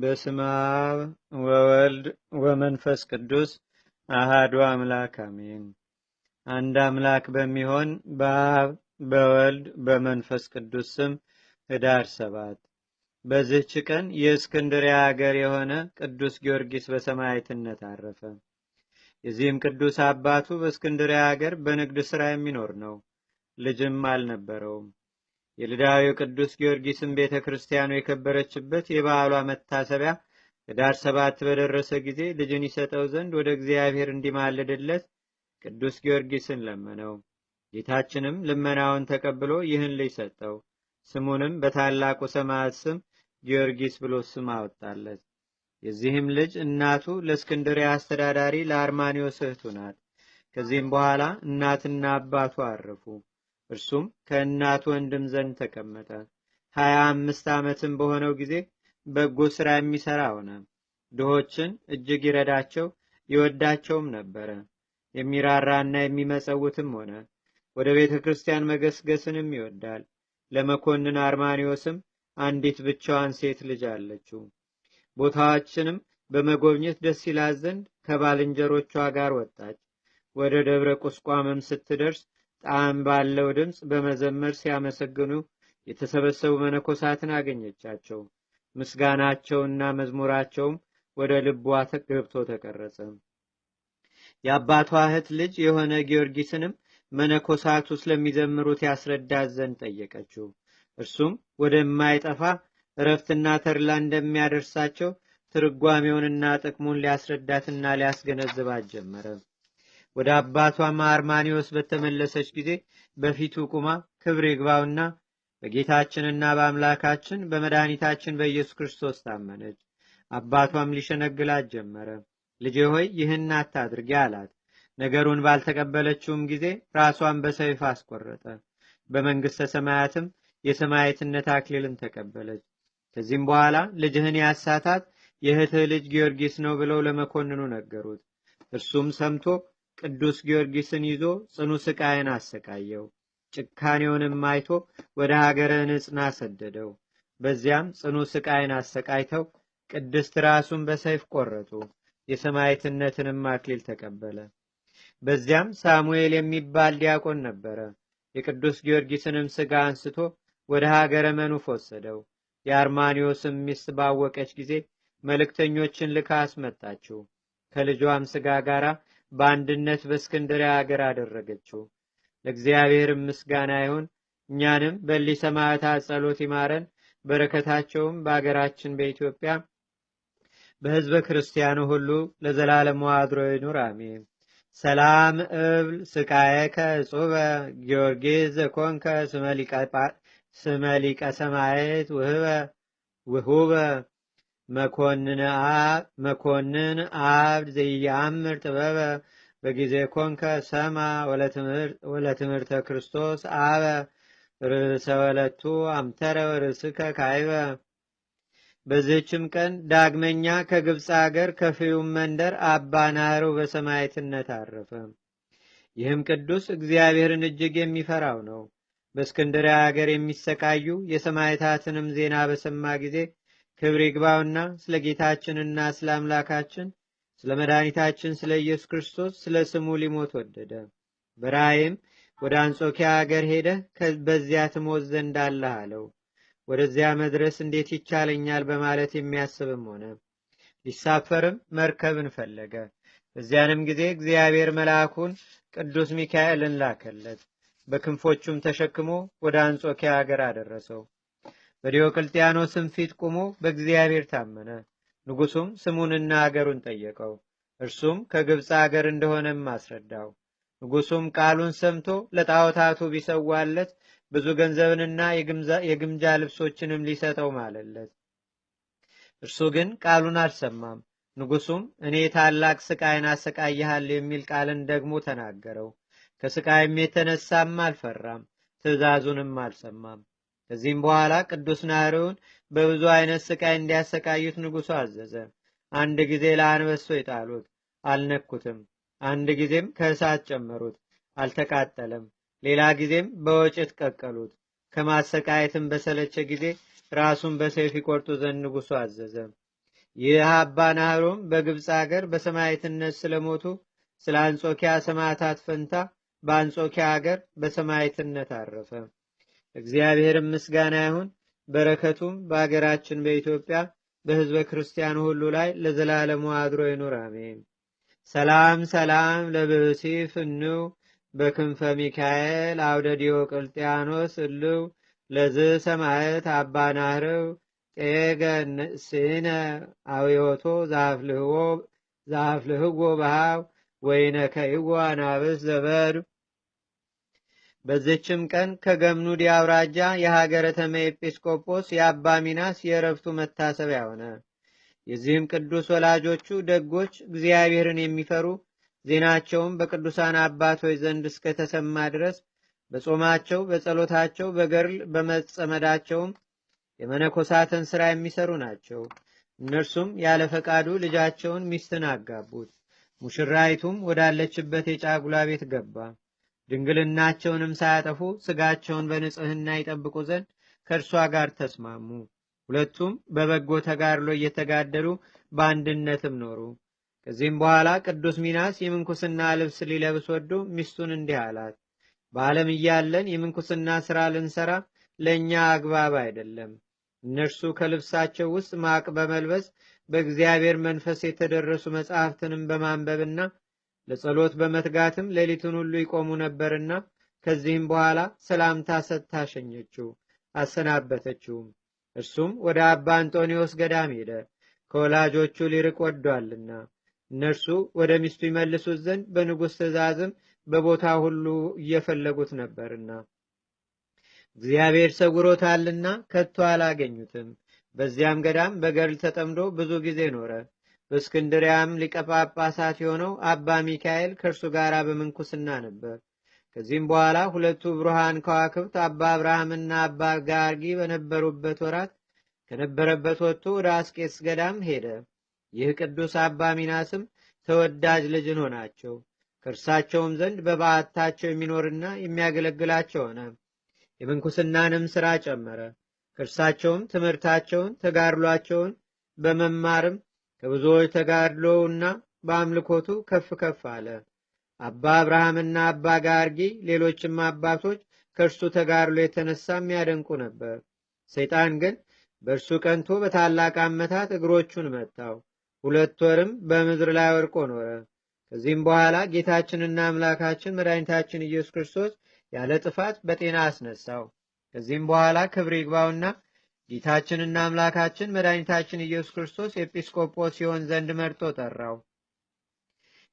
በስመ አብ ወወልድ ወመንፈስ ቅዱስ አሃዱ አምላክ አሜን። አንድ አምላክ በሚሆን በአብ በወልድ በመንፈስ ቅዱስ ስም ህዳር ሰባት በዚህች ቀን የእስክንድሪያ አገር የሆነ ቅዱስ ጊዮርጊስ በሰማዕትነት አረፈ። የዚህም ቅዱስ አባቱ በእስክንድሪያ አገር በንግድ ሥራ የሚኖር ነው። ልጅም አልነበረውም። የልዳዊ ቅዱስ ጊዮርጊስን ቤተ ክርስቲያኑ የከበረችበት የበዓሏ መታሰቢያ ህዳር ሰባት በደረሰ ጊዜ ልጅን ይሰጠው ዘንድ ወደ እግዚአብሔር እንዲማልድለት ቅዱስ ጊዮርጊስን ለመነው። ጌታችንም ልመናውን ተቀብሎ ይህን ልጅ ሰጠው። ስሙንም በታላቁ ሰማዕት ስም ጊዮርጊስ ብሎ ስም አወጣለት። የዚህም ልጅ እናቱ ለእስክንድሪያ አስተዳዳሪ ለአርማኒዮስ እህቱ ናት። ከዚህም በኋላ እናትና አባቱ አረፉ። እርሱም ከእናቱ ወንድም ዘንድ ተቀመጠ። ሀያ አምስት ዓመትም በሆነው ጊዜ በጎ ሥራ የሚሠራ ሆነ። ድሆችን እጅግ ይረዳቸው ይወዳቸውም ነበረ። የሚራራና የሚመጸውትም ሆነ። ወደ ቤተ ክርስቲያን መገስገስንም ይወዳል። ለመኮንን አርማኒዎስም አንዲት ብቻዋን ሴት ልጅ አለችው። ቦታዎችንም በመጎብኘት ደስ ይላት ዘንድ ከባልንጀሮቿ ጋር ወጣች። ወደ ደብረ ቁስቋምም ስትደርስ ጣዕም ባለው ድምፅ በመዘመር ሲያመሰግኑ የተሰበሰቡ መነኮሳትን አገኘቻቸው። ምስጋናቸውና መዝሙራቸውም ወደ ልቧ ገብቶ ተቀረጸ። የአባቷ እህት ልጅ የሆነ ጊዮርጊስንም መነኮሳቱ ስለሚዘምሩት ያስረዳት ዘንድ ጠየቀችው። እርሱም ወደማይጠፋ እረፍትና ተርላ እንደሚያደርሳቸው ትርጓሜውንና ጥቅሙን ሊያስረዳትና ሊያስገነዝባት ጀመረ። ወደ አባቷም አርማኒዎስ በተመለሰች ጊዜ በፊቱ ቁማ ክብር ይግባውና በጌታችንና በአምላካችን በመድኃኒታችን በኢየሱስ ክርስቶስ ታመነች። አባቷም ሊሸነግላት ጀመረ። ልጄ ሆይ ይህን አታድርጊ አላት። ነገሩን ባልተቀበለችውም ጊዜ ራሷን በሰይፍ አስቆረጠ። በመንግሥተ ሰማያትም የሰማዕትነት አክሊልን ተቀበለች። ከዚህም በኋላ ልጅህን ያሳታት የእህትህ ልጅ ጊዮርጊስ ነው ብለው ለመኮንኑ ነገሩት። እርሱም ሰምቶ ቅዱስ ጊዮርጊስን ይዞ ጽኑ ስቃይን አሰቃየው። ጭካኔውንም አይቶ ወደ ሀገረ ንጽና ሰደደው። በዚያም ጽኑ ስቃይን አሰቃይተው ቅድስት ራሱን በሰይፍ ቆረጡ። የሰማዕትነትንም አክሊል ተቀበለ። በዚያም ሳሙኤል የሚባል ዲያቆን ነበረ። የቅዱስ ጊዮርጊስንም ሥጋ አንስቶ ወደ ሀገረ መኑፍ ወሰደው። የአርማኒዎስም ሚስት ባወቀች ጊዜ መልእክተኞችን ልካ አስመጣችው። ከልጇም ሥጋ ጋራ በአንድነት በእስክንድሪያ ሀገር አደረገችው። ለእግዚአብሔር ምስጋና ይሁን። እኛንም በሊ ሰማዕታት ጸሎት ይማረን። በረከታቸውም በአገራችን በኢትዮጵያ በህዝበ ክርስቲያኑ ሁሉ ለዘላለሙ አድሮ ይኑር፣ አሜን። ሰላም እብል ስቃየከ ጹበ ጊዮርጊስ ዘኮንከ ስመሊቀ ሰማየት ውህበ መኮንን አብድ ዘይአምር ጥበበ በጊዜ ኮንከ ሰማ ወለትምህርተ ክርስቶስ አበ ርዕሰ ወለቱ አምተረ ርዕስከ ካይበ በዚህችም ቀን ዳግመኛ ከግብፅ አገር ከፍዩም መንደር አባ ናህሩ በሰማይትነት አረፈ። ይህም ቅዱስ እግዚአብሔርን እጅግ የሚፈራው ነው። በእስክንድርያ አገር የሚሰቃዩ የሰማይታትንም ዜና በሰማ ጊዜ ክብር ይግባውና ስለ ጌታችንና ስለ አምላካችን ስለ መድኃኒታችን ስለ ኢየሱስ ክርስቶስ ስለ ስሙ ሊሞት ወደደ። በራይም ወደ አንጾኪያ አገር ሄደ በዚያ ትሞት ዘንድ አለህ አለው። ወደዚያ መድረስ እንዴት ይቻለኛል በማለት የሚያስብም ሆነ። ሊሳፈርም መርከብን ፈለገ። በዚያንም ጊዜ እግዚአብሔር መልአኩን ቅዱስ ሚካኤልን ላከለት። በክንፎቹም ተሸክሞ ወደ አንጾኪያ አገር አደረሰው። በዲዮቅልጥያኖስም ፊት ቆሞ በእግዚአብሔር ታመነ። ንጉሱም ስሙንና አገሩን ጠየቀው። እርሱም ከግብፅ አገር እንደሆነም አስረዳው። ንጉሱም ቃሉን ሰምቶ ለጣዖታቱ ቢሰዋለት ብዙ ገንዘብንና የግምጃ ልብሶችንም ሊሰጠው ማለለት። እርሱ ግን ቃሉን አልሰማም። ንጉሱም እኔ ታላቅ ስቃይን አሰቃይሃል የሚል ቃልን ደግሞ ተናገረው። ከስቃይም የተነሳም አልፈራም፣ ትእዛዙንም አልሰማም። ከዚህም በኋላ ቅዱስ ናሪውን በብዙ አይነት ስቃይ እንዲያሰቃዩት ንጉሡ አዘዘ። አንድ ጊዜ ለአንበሶ የጣሉት አልነኩትም። አንድ ጊዜም ከእሳት ጨመሩት አልተቃጠለም። ሌላ ጊዜም በወጭት ቀቀሉት። ከማሰቃየትም በሰለቸ ጊዜ ራሱን በሰይፍ ይቆርጡ ዘንድ ንጉሡ አዘዘ። ይህ አባ ናህሮም በግብፅ አገር በሰማዕትነት ስለሞቱ ስለ አንጾኪያ ሰማዕታት ፈንታ በአንጾኪያ አገር በሰማዕትነት አረፈ። እግዚአብሔርም ምስጋና ይሁን። በረከቱም በአገራችን በኢትዮጵያ በህዝበ ክርስቲያኑ ሁሉ ላይ ለዘላለሙ አድሮ ይኑር፣ አሜን። ሰላም ሰላም ለብእሲ ፍንው በክንፈ ሚካኤል አውደ ዲዮቅልጥያኖስ እልው ለዝ ሰማዕት አባ ናህርው ጤገስነ አብዮቶ ዛፍልህዎ ባህው ወይነከይዎ አናብስ ዘበድ በዝችም ቀን ከገምኑድ አውራጃ የሀገረ ተመ ኤጲስቆጶስ የአባ ሚናስ የረፍቱ መታሰቢያ ሆነ። የዚህም ቅዱስ ወላጆቹ ደጎች፣ እግዚአብሔርን የሚፈሩ ዜናቸውም በቅዱሳን አባቶች ዘንድ እስከተሰማ ድረስ በጾማቸው፣ በጸሎታቸው፣ በገርል በመጸመዳቸውም የመነኮሳትን ሥራ የሚሰሩ ናቸው። እነርሱም ያለ ፈቃዱ ልጃቸውን ሚስትን አጋቡት። ሙሽራይቱም ወዳለችበት የጫጉላ ቤት ገባ። ድንግልናቸውንም ሳያጠፉ ስጋቸውን በንጽህና ይጠብቁ ዘንድ ከእርሷ ጋር ተስማሙ። ሁለቱም በበጎ ተጋድሎ እየተጋደሉ በአንድነትም ኖሩ። ከዚህም በኋላ ቅዱስ ሚናስ የምንኩስና ልብስ ሊለብስ ወዶ ሚስቱን እንዲህ አላት፣ በዓለም እያለን የምንኩስና ሥራ ልንሰራ ለእኛ አግባብ አይደለም። እነርሱ ከልብሳቸው ውስጥ ማቅ በመልበስ በእግዚአብሔር መንፈስ የተደረሱ መጽሐፍትንም በማንበብና ለጸሎት በመትጋትም ሌሊቱን ሁሉ ይቆሙ ነበርና ከዚህም በኋላ ሰላምታ ሰጥታ ሸኘችው፣ አሰናበተችውም። እርሱም ወደ አባ አንጦኒዎስ ገዳም ሄደ፣ ከወላጆቹ ሊርቅ ወዷልና እነርሱ ወደ ሚስቱ ይመልሱት ዘንድ በንጉሥ ትእዛዝም በቦታ ሁሉ እየፈለጉት ነበርና እግዚአብሔር ሰውሮታልና ከቶ አላገኙትም። በዚያም ገዳም በገርል ተጠምዶ ብዙ ጊዜ ኖረ። በእስክንድሪያም ሊቀ ጳጳሳት የሆነው አባ ሚካኤል ከእርሱ ጋር በምንኩስና ነበር። ከዚህም በኋላ ሁለቱ ብሩሃን ከዋክብት አባ አብርሃምና አባ ጋርጊ በነበሩበት ወራት ከነበረበት ወጥቶ ወደ አስቄስ ገዳም ሄደ። ይህ ቅዱስ አባ ሚናስም ተወዳጅ ልጅን ሆናቸው። ከእርሳቸውም ዘንድ በባዓታቸው የሚኖርና የሚያገለግላቸው ሆነ። የምንኩስናንም ሥራ ጨመረ። ከእርሳቸውም ትምህርታቸውን፣ ተጋድሏቸውን በመማርም ከብዙዎች ተጋድሎውና በአምልኮቱ ከፍ ከፍ አለ። አባ አብርሃምና አባ ጋርጊ ሌሎችም አባቶች ከእርሱ ተጋድሎ የተነሳ የሚያደንቁ ነበር። ሰይጣን ግን በእርሱ ቀንቶ በታላቅ አመታት እግሮቹን መታው። ሁለት ወርም በምድር ላይ ወርቆ ኖረ። ከዚህም በኋላ ጌታችንና አምላካችን መድኃኒታችን ኢየሱስ ክርስቶስ ያለ ጥፋት በጤና አስነሳው። ከዚህም በኋላ ክብር ይግባውና ጌታችንና አምላካችን መድኃኒታችን ኢየሱስ ክርስቶስ ኤጲስቆጶስ ሲሆን ዘንድ መርጦ ጠራው።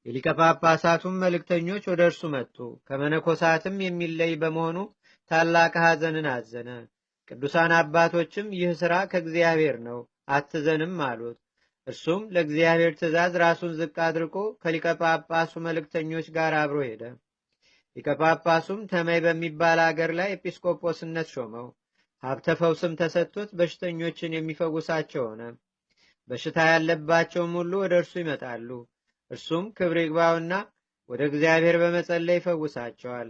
የሊቀ ጳጳሳቱም መልእክተኞች ወደ እርሱ መጡ። ከመነኮሳትም የሚለይ በመሆኑ ታላቅ ሐዘንን አዘነ። ቅዱሳን አባቶችም ይህ ሥራ ከእግዚአብሔር ነው፣ አትዘንም አሉት። እርሱም ለእግዚአብሔር ትእዛዝ ራሱን ዝቅ አድርጎ ከሊቀ ጳጳሱ መልእክተኞች ጋር አብሮ ሄደ። ሊቀ ጳጳሱም ተመይ በሚባል አገር ላይ ኤጲስቆጶስነት ሾመው። ሀብተ ፈውስም ተሰጥቶት በሽተኞችን የሚፈውሳቸው ሆነ። በሽታ ያለባቸውም ሁሉ ወደ እርሱ ይመጣሉ። እርሱም ክብር ይግባውና ወደ እግዚአብሔር በመጸለይ ይፈውሳቸዋል።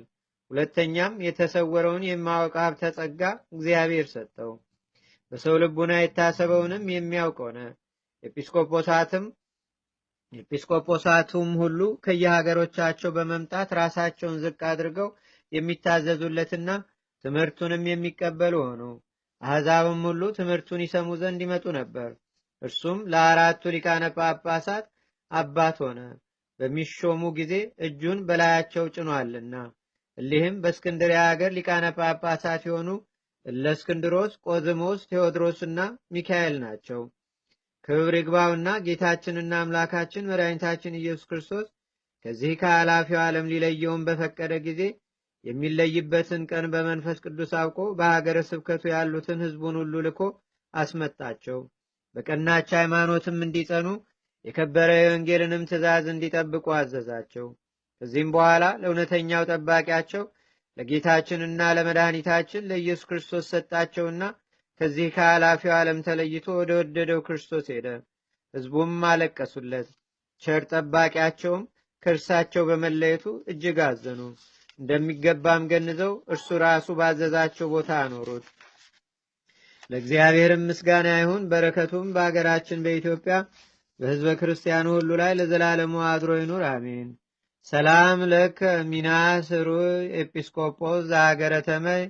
ሁለተኛም የተሰወረውን የማወቅ ሀብተ ጸጋ እግዚአብሔር ሰጠው። በሰው ልቡና የታሰበውንም የሚያውቅ ሆነ። ኤጲስቆጶሳትም ኤጲስቆጶሳቱም ሁሉ ከየሀገሮቻቸው በመምጣት ራሳቸውን ዝቅ አድርገው የሚታዘዙለትና ትምህርቱንም የሚቀበሉ ሆኑ። አሕዛብም ሁሉ ትምህርቱን ይሰሙ ዘንድ ይመጡ ነበር። እርሱም ለአራቱ ሊቃነ ጳጳሳት አባት ሆነ፣ በሚሾሙ ጊዜ እጁን በላያቸው ጭኗልና። እሊህም በእስክንድሪያ አገር ሊቃነ ጳጳሳት የሆኑ እለእስክንድሮስ፣ ቆዝሞስ፣ ቴዎድሮስና ሚካኤል ናቸው። ክብር ይግባውና ጌታችንና አምላካችን መድኃኒታችን ኢየሱስ ክርስቶስ ከዚህ ከኃላፊው ዓለም ሊለየውን በፈቀደ ጊዜ የሚለይበትን ቀን በመንፈስ ቅዱስ አውቆ በሀገረ ስብከቱ ያሉትን ህዝቡን ሁሉ ልኮ አስመጣቸው። በቀናች ሃይማኖትም እንዲጸኑ የከበረ የወንጌልንም ትእዛዝ እንዲጠብቁ አዘዛቸው። ከዚህም በኋላ ለእውነተኛው ጠባቂያቸው ለጌታችንና ለመድኃኒታችን ለኢየሱስ ክርስቶስ ሰጣቸውና ከዚህ ከኃላፊው ዓለም ተለይቶ ወደ ወደደው ክርስቶስ ሄደ። ሕዝቡም አለቀሱለት። ቸር ጠባቂያቸውም ከእርሳቸው በመለየቱ እጅግ አዘኑ። እንደሚገባም ገንዘው እርሱ ራሱ ባዘዛቸው ቦታ አኖሩት። ለእግዚአብሔርም ምስጋና ይሁን። በረከቱም በሀገራችን በኢትዮጵያ በሕዝበ ክርስቲያኑ ሁሉ ላይ ለዘላለሙ አድሮ ይኑር፣ አሜን። ሰላም ለከ ሚና ስሩ ኤጲስቆጶስ ዘሀገረ ተመይ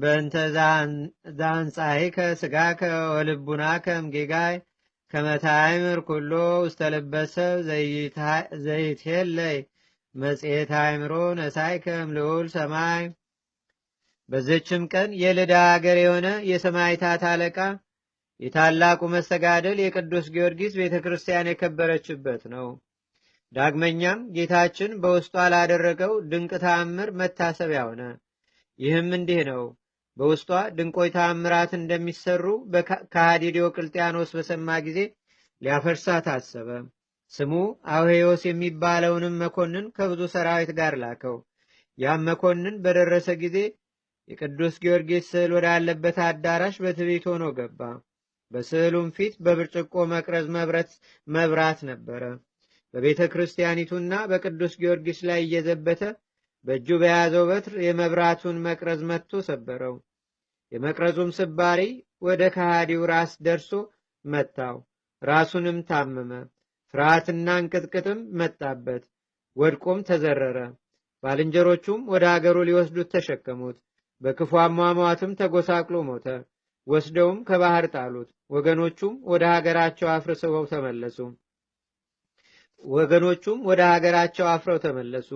በእንተ ዛንጻይከ ከስጋ ከወልቡና ከምጌጋይ ከመታይምር ኩሎ ውስተ ልበሰብ ዘይትሄለይ መጽሔት ነሳይ ከም ልዑል ሰማይ በዘችም ቀን የልዳ አገር የሆነ የሰማይታት አለቃ የታላቁ መሰጋደል የቅዱስ ጊዮርጊስ ቤተ ክርስቲያን የከበረችበት ነው። ዳግመኛም ጌታችን በውስጧ ላደረገው ድንቅ ተአምር መታሰቢያ ሆነ። ይህም እንዲህ ነው። በውስጧ ድንቆይ ተአምራት እንደሚሰሩ ከሃዲዲዮ ቅልጥያኖስ በሰማ ጊዜ ሊያፈርሳ ታሰበ። ስሙ አውሄዎስ የሚባለውንም መኮንን ከብዙ ሰራዊት ጋር ላከው። ያም መኮንን በደረሰ ጊዜ የቅዱስ ጊዮርጊስ ስዕል ወዳለበት አዳራሽ በትቤት ሆኖ ገባ። በስዕሉም ፊት በብርጭቆ መቅረዝ መብረት መብራት ነበረ። በቤተ ክርስቲያኒቱና በቅዱስ ጊዮርጊስ ላይ እየዘበተ በእጁ በያዘው በትር የመብራቱን መቅረዝ መጥቶ ሰበረው። የመቅረዙም ስባሪ ወደ ከሃዲው ራስ ደርሶ መታው። ራሱንም ታመመ። ፍርሃትና እንቅጥቅጥም መጣበት። ወድቆም ተዘረረ። ባልንጀሮቹም ወደ አገሩ ሊወስዱት ተሸከሙት። በክፉ አሟሟትም ተጎሳቅሎ ሞተ። ወስደውም ከባህር ጣሉት። ወገኖቹም ወደ ሀገራቸው አፍርሰው ተመለሱ። ወገኖቹም ወደ ሀገራቸው አፍረው ተመለሱ።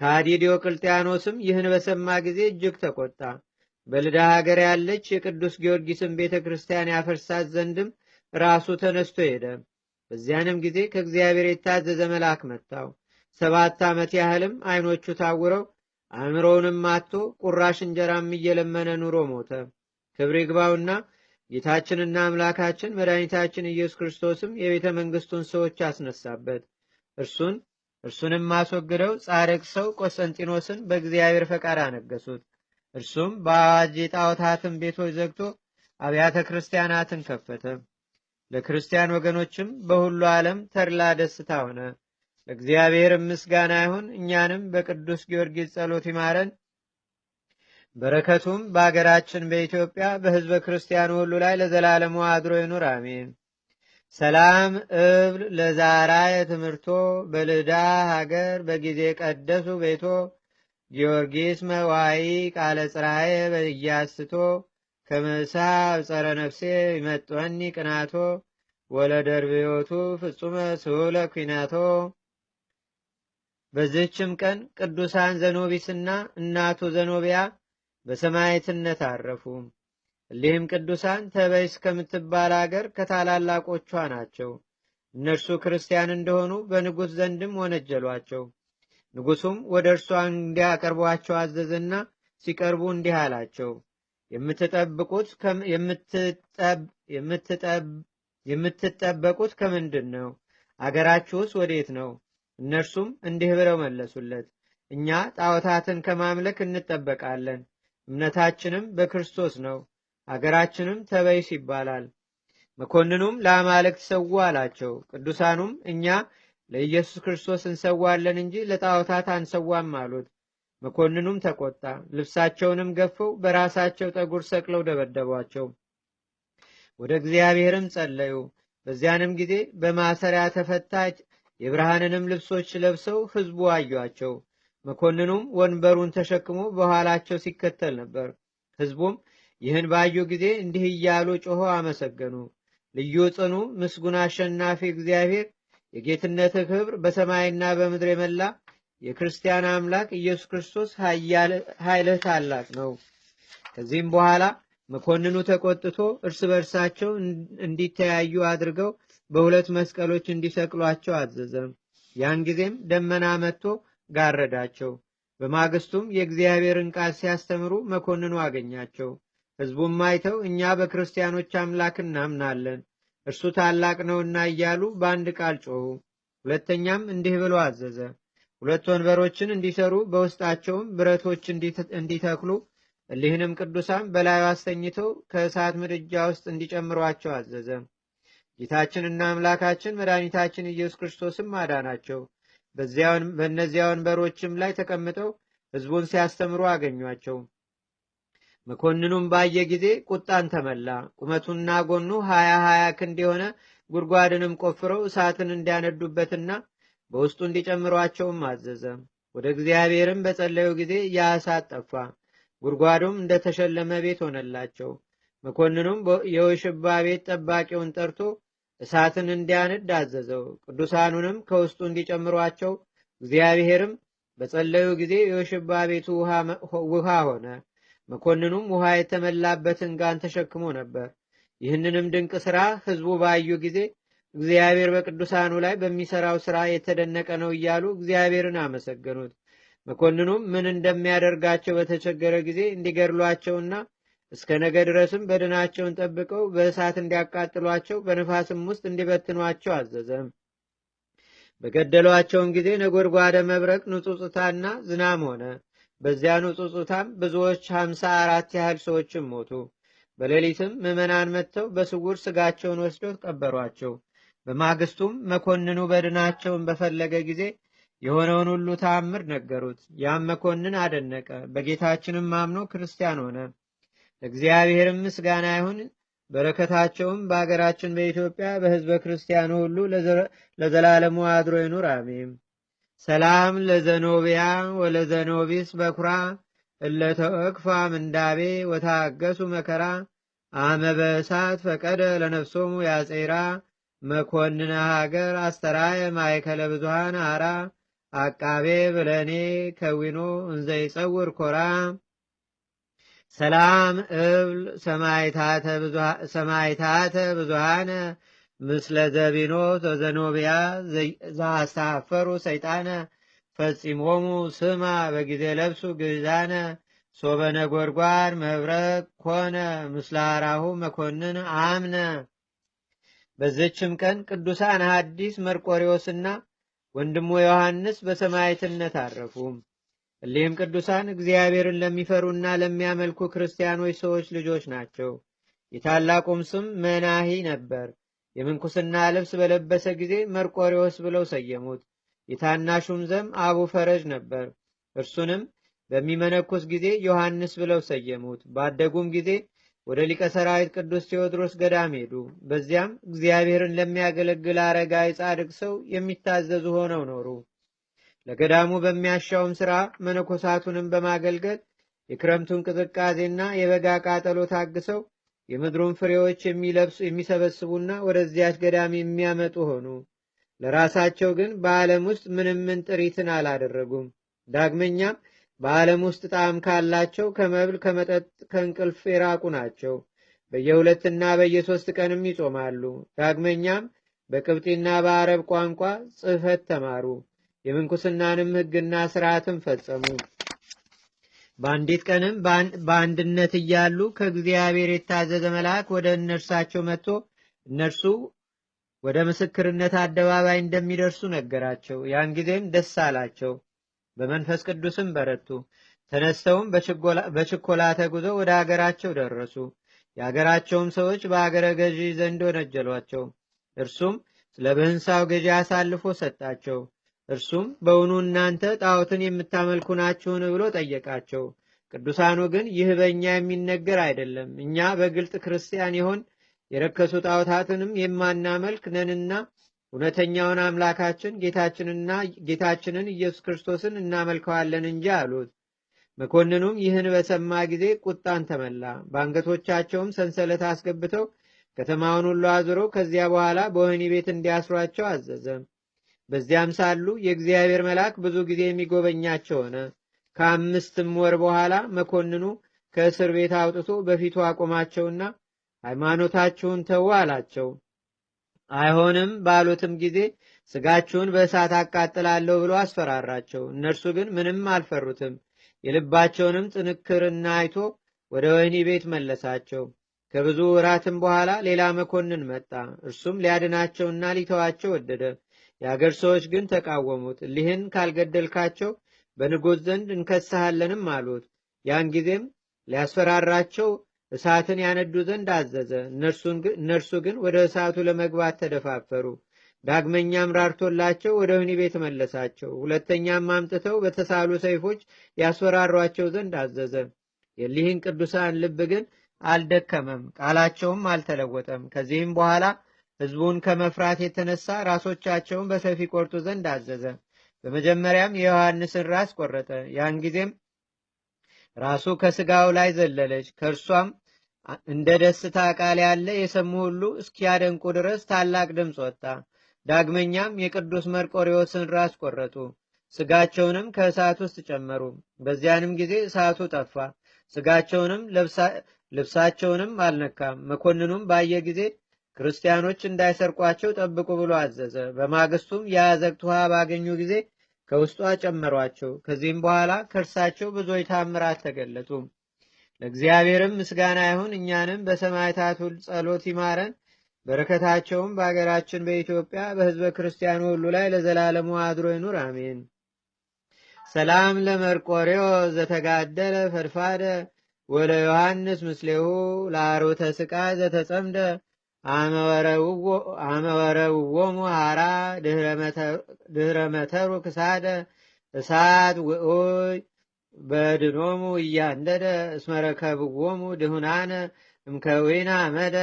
ከሃዲ ዲዮቅልጥያኖስም ይህን በሰማ ጊዜ እጅግ ተቆጣ። በልዳ ሀገር ያለች የቅዱስ ጊዮርጊስን ቤተ ክርስቲያን ያፈርሳት ዘንድም ራሱ ተነስቶ ሄደ። በዚያንም ጊዜ ከእግዚአብሔር የታዘዘ መልአክ መታው። ሰባት ዓመት ያህልም አይኖቹ ታውረው አእምሮውንም አቶ ቁራሽ እንጀራም እየለመነ ኑሮ ሞተ። ክብሪ ግባውና ጌታችንና አምላካችን መድኃኒታችን ኢየሱስ ክርስቶስም የቤተ መንግሥቱን ሰዎች አስነሳበት። እርሱን እርሱንም አስወግደው ጻድቅ ሰው ቆስጠንጢኖስን በእግዚአብሔር ፈቃድ አነገሱት። እርሱም በአዋጅ የጣዖታትን ቤቶች ዘግቶ አብያተ ክርስቲያናትን ከፈተ። ለክርስቲያን ወገኖችም በሁሉ ዓለም ተድላ ደስታ ሆነ። ለእግዚአብሔር ምስጋና ይሁን። እኛንም በቅዱስ ጊዮርጊስ ጸሎት ይማረን። በረከቱም በአገራችን በኢትዮጵያ በህዝበ ክርስቲያኑ ሁሉ ላይ ለዘላለሙ አድሮ ይኑር፣ አሜን። ሰላም እብል ለዛራ የትምህርቶ በልዳ ሀገር በጊዜ ቀደሱ ቤቶ ጊዮርጊስ መዋይ ቃለ ጽራዬ በእያስቶ ከመሳብ ጸረ ነፍሴ ይመጥወኒ ቅናቶ ወለደርብዮቱ ፍጹመ ስሁለ ኩናቶ በዚህችም ቀን ቅዱሳን ዘኖቢስና እናቱ ዘኖቢያ በሰማዕትነት አረፉ። እሊህም ቅዱሳን ተበይ እስከምትባል አገር ከታላላቆቿ ናቸው። እነርሱ ክርስቲያን እንደሆኑ በንጉሥ ዘንድም ወነጀሏቸው። ንጉሡም ወደ እርሷ እንዲያቀርቧቸው አዘዘና ሲቀርቡ እንዲህ አላቸው የምትጠብቁት የምትጠበቁት ከምንድን ነው? አገራችሁስ ወዴት ነው? እነርሱም እንዲህ ብለው መለሱለት፣ እኛ ጣዖታትን ከማምለክ እንጠበቃለን፣ እምነታችንም በክርስቶስ ነው። አገራችንም ተበይስ ይባላል። መኮንኑም ለአማልክት ሰዉ አላቸው። ቅዱሳኑም እኛ ለኢየሱስ ክርስቶስ እንሰዋለን እንጂ ለጣዖታት አንሰዋም አሉት። መኮንኑም ተቆጣ። ልብሳቸውንም ገፈው በራሳቸው ጠጉር ሰቅለው ደበደቧቸው። ወደ እግዚአብሔርም ጸለዩ። በዚያንም ጊዜ በማሰሪያ ተፈታች። የብርሃንንም ልብሶች ለብሰው ሕዝቡ አዩአቸው። መኮንኑም ወንበሩን ተሸክሞ በኋላቸው ሲከተል ነበር። ሕዝቡም ይህን ባዩ ጊዜ እንዲህ እያሉ ጮሆ አመሰገኑ። ልዩ ጽኑ ምስጉን አሸናፊ እግዚአብሔር የጌትነትህ ክብር በሰማይና በምድር የመላ የክርስቲያን አምላክ ኢየሱስ ክርስቶስ ኃይልህ ታላቅ ነው። ከዚህም በኋላ መኮንኑ ተቆጥቶ እርስ በርሳቸው እንዲተያዩ አድርገው በሁለት መስቀሎች እንዲሰቅሏቸው አዘዘ። ያን ጊዜም ደመና መጥቶ ጋረዳቸው። በማግስቱም የእግዚአብሔርን ቃል ሲያስተምሩ መኮንኑ አገኛቸው። ሕዝቡም አይተው እኛ በክርስቲያኖች አምላክ እናምናለን፣ እርሱ ታላቅ ነውና እያሉ በአንድ ቃል ጮኹ። ሁለተኛም እንዲህ ብሎ አዘዘ ሁለት ወንበሮችን እንዲሰሩ በውስጣቸውም ብረቶች እንዲተክሉ እሊህንም ቅዱሳን በላዩ አስተኝተው ከእሳት ምድጃ ውስጥ እንዲጨምሯቸው አዘዘ። ጌታችንና አምላካችን መድኃኒታችን ኢየሱስ ክርስቶስም አዳናቸው። በእነዚያ ወንበሮችም ላይ ተቀምጠው ህዝቡን ሲያስተምሩ አገኟቸው። መኮንኑም ባየ ጊዜ ቁጣን ተመላ። ቁመቱና ጎኑ ሀያ ሀያ ክንድ የሆነ ጉድጓድንም ቆፍረው እሳትን እንዲያነዱበትና በውስጡ እንዲጨምሯቸውም አዘዘ። ወደ እግዚአብሔርም በጸለዩ ጊዜ ያ እሳት ጠፋ፣ ጉድጓዱም እንደተሸለመ ቤት ሆነላቸው። መኮንኑም የውሽባ ቤት ጠባቂውን ጠርቶ እሳትን እንዲያንድ አዘዘው። ቅዱሳኑንም ከውስጡ እንዲጨምሯቸው እግዚአብሔርም በጸለዩ ጊዜ የውሽባ ቤቱ ውሃ ሆነ። መኮንኑም ውሃ የተመላበትን ጋን ተሸክሞ ነበር። ይህንንም ድንቅ ሥራ ሕዝቡ ባዩ ጊዜ እግዚአብሔር በቅዱሳኑ ላይ በሚሰራው ሥራ የተደነቀ ነው እያሉ እግዚአብሔርን አመሰገኑት። መኮንኑም ምን እንደሚያደርጋቸው በተቸገረ ጊዜ እንዲገድሏቸውና እስከ ነገ ድረስም በድናቸውን ጠብቀው በእሳት እንዲያቃጥሏቸው በንፋስም ውስጥ እንዲበትኗቸው አዘዘም። በገደሏቸውን ጊዜ ነጎድጓደ መብረቅ ንጹጽታና ዝናም ሆነ። በዚያ ንጹጽታም ብዙዎች ሀምሳ አራት ያህል ሰዎችም ሞቱ። በሌሊትም ምዕመናን መጥተው በስውር ስጋቸውን ወስደው ቀበሯቸው። በማግስቱም መኮንኑ በድናቸውን በፈለገ ጊዜ የሆነውን ሁሉ ተአምር ነገሩት። ያም መኮንን አደነቀ፣ በጌታችንም አምኖ ክርስቲያን ሆነ። ለእግዚአብሔርም ምስጋና ይሁን። በረከታቸውም በአገራችን በኢትዮጵያ በሕዝበ ክርስቲያኑ ሁሉ ለዘላለሙ አድሮ ይኑር፣ አሜን። ሰላም ለዘኖቢያ ወለዘኖቢስ በኩራ እለተወቅፋ ምንዳቤ ወታገሱ መከራ አመበሳት ፈቀደ ለነፍሶሙ ያጼራ መኮንነ ሀገር አስተራየ ማይከለ ብዙሃን አራ አቃቤ ብለኔ ከዊኖ እንዘይፀውር ኮራ ሰላም እብል ሰማይታተ ብዙሃነ ምስለ ዘቢኖ ዘኖቢያ ዘአስተፈሩ ሰይጣነ ፈጺሞሙ ስማ በጊዜ ለብሱ ግዛነ ሶበ መብረቅ ኮነ ምስለ አራሁ መኮንን አምነ በዘችም ቀን ቅዱሳን ሐዲስ መርቆሪዎስና ወንድሙ ዮሐንስ በሰማይትነት አረፉ። እሊህም ቅዱሳን እግዚአብሔርን ለሚፈሩና ለሚያመልኩ ክርስቲያኖች ሰዎች ልጆች ናቸው። የታላቁም ስም መናሂ ነበር። የምንኩስና ልብስ በለበሰ ጊዜ መርቆሪዎስ ብለው ሰየሙት። የታናሹም ዘም አቡ ፈረጅ ነበር። እርሱንም በሚመነኩስ ጊዜ ዮሐንስ ብለው ሰየሙት። ባደጉም ጊዜ ወደ ሊቀ ሰራዊት ቅዱስ ቴዎድሮስ ገዳም ሄዱ። በዚያም እግዚአብሔርን ለሚያገለግል አረጋዊ ጻድቅ ሰው የሚታዘዙ ሆነው ኖሩ። ለገዳሙ በሚያሻውም ሥራ መነኮሳቱንም በማገልገል የክረምቱን ቅዝቃዜና የበጋ ቃጠሎ ታግሰው የምድሩን ፍሬዎች የሚሰበስቡና ወደዚያች ገዳም የሚያመጡ ሆኑ። ለራሳቸው ግን በዓለም ውስጥ ምንም ምን ጥሪትን አላደረጉም። ዳግመኛም በዓለም ውስጥ ጣዕም ካላቸው ከመብል ከመጠጥ ከእንቅልፍ የራቁ ናቸው። በየሁለትና በየሶስት ቀንም ይጾማሉ። ዳግመኛም በቅብጢና በአረብ ቋንቋ ጽሕፈት ተማሩ። የምንኩስናንም ሕግና ስርዓትም ፈጸሙ። በአንዲት ቀንም በአንድነት እያሉ ከእግዚአብሔር የታዘዘ መልአክ ወደ እነርሳቸው መጥቶ እነርሱ ወደ ምስክርነት አደባባይ እንደሚደርሱ ነገራቸው። ያን ጊዜም ደስ አላቸው። በመንፈስ ቅዱስም በረቱ። ተነስተውም በችኮላ ተጉዞ ወደ አገራቸው ደረሱ። የአገራቸውም ሰዎች በአገረ ገዢ ዘንድ ወነጀሏቸው። እርሱም ስለ ብህንሳው ገዢ አሳልፎ ሰጣቸው። እርሱም በውኑ እናንተ ጣዖትን የምታመልኩ ናችሁን ብሎ ጠየቃቸው። ቅዱሳኑ ግን ይህ በእኛ የሚነገር አይደለም፣ እኛ በግልጥ ክርስቲያን ይሆን የረከሱ ጣዖታትንም የማናመልክ ነንና እውነተኛውን አምላካችን ጌታችንና ጌታችንን ኢየሱስ ክርስቶስን እናመልከዋለን እንጂ አሉት። መኮንኑም ይህን በሰማ ጊዜ ቁጣን ተመላ። በአንገቶቻቸውም ሰንሰለት አስገብተው ከተማውን ሁሉ አዙረው ከዚያ በኋላ በወህኒ ቤት እንዲያስሯቸው አዘዘ። በዚያም ሳሉ የእግዚአብሔር መልአክ ብዙ ጊዜ የሚጎበኛቸው ሆነ። ከአምስትም ወር በኋላ መኮንኑ ከእስር ቤት አውጥቶ በፊቱ አቆማቸውና ሃይማኖታችሁን ተዉ አላቸው። አይሆንም ባሉትም ጊዜ ስጋችሁን በእሳት አቃጥላለሁ ብሎ አስፈራራቸው። እነርሱ ግን ምንም አልፈሩትም። የልባቸውንም ጥንክርና አይቶ ወደ ወህኒ ቤት መለሳቸው። ከብዙ ወራትም በኋላ ሌላ መኮንን መጣ። እርሱም ሊያድናቸውና ሊተዋቸው ወደደ። የአገር ሰዎች ግን ተቃወሙት። ሊህን ካልገደልካቸው በንጉሥ ዘንድ እንከስሃለንም አሉት። ያን ጊዜም ሊያስፈራራቸው እሳትን ያነዱ ዘንድ አዘዘ። እነርሱ ግን ወደ እሳቱ ለመግባት ተደፋፈሩ። ዳግመኛም ራርቶላቸው ወደ ወህኒ ቤት መለሳቸው። ሁለተኛም አምጥተው በተሳሉ ሰይፎች ያስወራሯቸው ዘንድ አዘዘ። የሊህን ቅዱሳን ልብ ግን አልደከመም፣ ቃላቸውም አልተለወጠም። ከዚህም በኋላ ሕዝቡን ከመፍራት የተነሳ ራሶቻቸውን በሰፊ ቆርጡ ዘንድ አዘዘ። በመጀመሪያም የዮሐንስን ራስ ቆረጠ። ያን ጊዜም ራሱ ከስጋው ላይ ዘለለች፣ ከእርሷም እንደ ደስታ ቃል ያለ የሰሙ ሁሉ እስኪያደንቁ ድረስ ታላቅ ድምፅ ወጣ። ዳግመኛም የቅዱስ መርቆሪዎስን ራስ ቆረጡ፣ ስጋቸውንም ከእሳት ውስጥ ጨመሩ። በዚያንም ጊዜ እሳቱ ጠፋ፣ ስጋቸውንም ልብሳቸውንም አልነካም። መኮንኑም ባየ ጊዜ ክርስቲያኖች እንዳይሰርቋቸው ጠብቁ ብሎ አዘዘ። በማግስቱም የአዘቅት ውሃ ባገኙ ጊዜ ከውስጧ ጨመሯቸው። ከዚህም በኋላ ከእርሳቸው ብዙ ታምራት ተገለጡ። ለእግዚአብሔርም ምስጋና ይሁን። እኛንም በሰማዕታቱ ጸሎት ይማረን። በረከታቸውም በአገራችን በኢትዮጵያ በህዝበ ክርስቲያኑ ሁሉ ላይ ለዘላለሙ አድሮ ይኑር፣ አሜን። ሰላም ለመርቆሬዎ ዘተጋደለ ፈድፋደ ወለ ዮሐንስ ምስሌሁ ለአሮተ ስቃ ዘተጸምደ አመወረውዎሙ ሃራ ድህረ መተሩ ክሳደ እሳት ውዑይ በድኖሙ እያንደደ እስመረከብዎሙ ድሁናነ እምከዊና መደ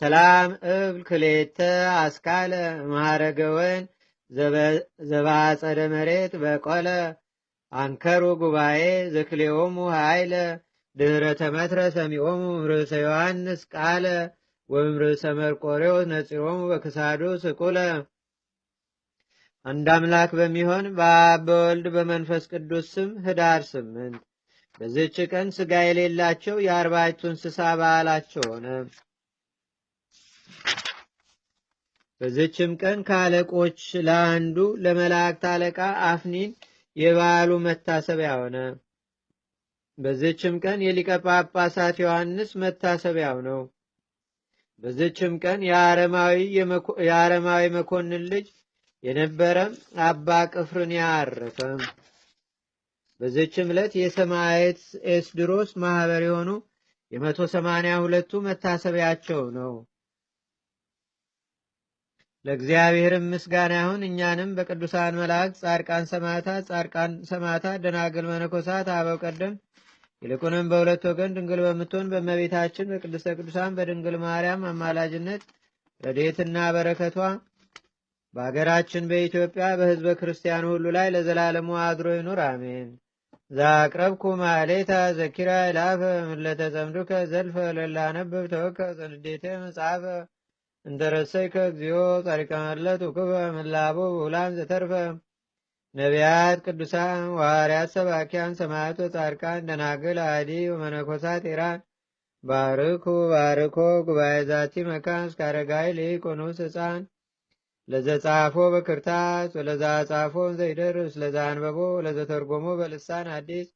ሰላም እብል ክሌተ አስካለ ማረገወን ዘባጸደ መሬት በቆለ አንከሩ ጉባኤ ዘክሌዎሙ ሃይለ ድህረ ተመትረ ሰሚኦሙ ምርሰ ዮሐንስ ቃለ ወምርሰ መርቆሬዎስ ነጺሮሙ በክሳዱ ስቁለ አንድ አምላክ በሚሆን በአብ በወልድ በመንፈስ ቅዱስ ስም ህዳር ስምንት በዚህች ቀን ስጋ የሌላቸው የአርባይቱ እንስሳ በዓላቸው ሆነ። በዚችም ቀን ከአለቆች ለአንዱ ለመላእክት አለቃ አፍኒን የበዓሉ መታሰቢያ ሆነ። በዚችም ቀን የሊቀ ጳጳሳት ዮሐንስ መታሰቢያው ነው። በዚችም ቀን የአረማዊ መኮንን ልጅ የነበረ አባ ቅፍርን ያረፈም። በዚችም ዕለት የሰማዕት ኤስድሮስ ማህበር የሆኑ የመቶ ሰማንያ ሁለቱ መታሰቢያቸው ነው። ለእግዚአብሔር ምስጋና ይሁን። እኛንም በቅዱሳን መላእክት፣ ጻድቃን ሰማዕታት፣ ጻድቃን ሰማዕታት፣ ደናግል፣ መነኮሳት፣ አበው ቀደም ይልቁንም በሁለት ወገን ድንግል በምትሆን በእመቤታችን በቅድስተ ቅዱሳን በድንግል ማርያም አማላጅነት ረድኤትና በረከቷ በአገራችን በኢትዮጵያ በሕዝበ ክርስቲያኑ ሁሉ ላይ ለዘላለሙ አድሮ ይኑር፣ አሜን። ዛቅረብኩ ማሌታ ዘኪራ ይላፈ ምለተጸምዱከ ዘልፈ ለላ ነብብ ተወከ ዘንዴቴ መጽሐፈ እንደረሰይ እንተረሰይከ ጸሪቀ ጸሪቀመለት ውክበ ምላቡ ውላን ዘተርፈ ነቢያት ቅዱሳን ዋርያት ሰባኪያን ሰማያት ጻድቃን ደናግል አዲ ወመነኮሳት ኢራን ባርኩ ባርኮ ጉባኤ ዛቲ መካን እስካረጋይ ልይቅ ወንውስ ህፃን ለዘጻፎ በክርታስ ወለዛ ጻፎ ዘይደርስ ለዛ አንበቦ ለዘተርጎሞ በልሳን አዲስ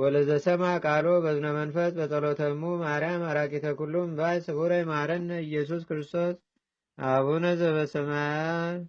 ወለዘሰማ ቃሎ በዝነ መንፈስ በጸሎተሙ ማርያም አራቂተ ኩሉም ባይ ስቡረይ ማረነ ኢየሱስ ክርስቶስ አቡነ ዘበሰማያት